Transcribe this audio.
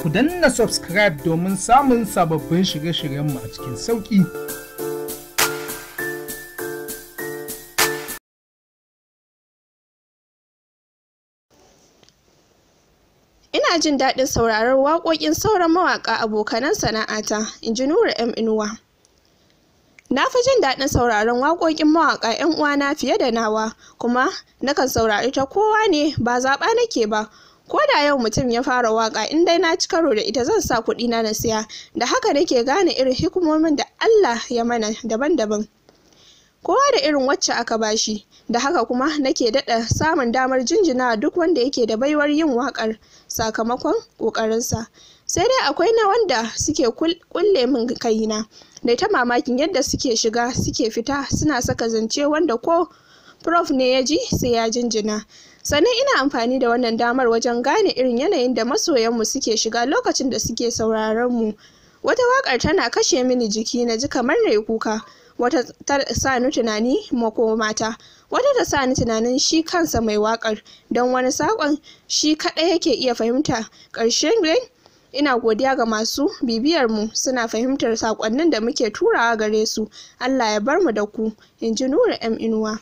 ku danna subscribe domin samun sababbin shirye-shiryenmu a cikin sauƙi. Ina jin daɗin sauraron waƙoƙin sauran mawaƙa abokanan sana'ata, in ji Nura M. Inuwa. Na fi jin daɗin sauraron waƙoƙin mawaƙa 'yan uwana fiye da nawa, kuma nakan saurari ta kowa ne ba zaɓa nake ba. ko da yau mutum ya fara waka in dai na ci karo da ita zan sa kuɗi na na siya da haka nake gane irin hikimomin da Allah ya mana daban-daban kowa da irin wacce aka bashi da haka kuma nake daɗa samun damar jinjina duk wanda yake da baiwar yin wakar sakamakon ƙoƙarinsa sai dai akwai na wanda suke kulle min kaina da ta mamakin yadda suke shiga suke fita suna saka zance wanda ko prof ne ya ji sai ya jinjina sannan ina amfani da wannan damar wajen gane irin yanayin da masoyanmu suke shiga lokacin da suke sauraron mu wata waƙar tana kashe mini jiki na ji kamar na yi kuka wata ta sa ni tunani mata wata ta sa ni tunanin shi kansa mai waƙar don wani saƙon shi kaɗai yake iya fahimta ƙarshen dai ina godiya ga masu bibiyar mu suna fahimtar saƙonnin da muke turawa gare su allah ya bar mu da ku in ji nura m inuwa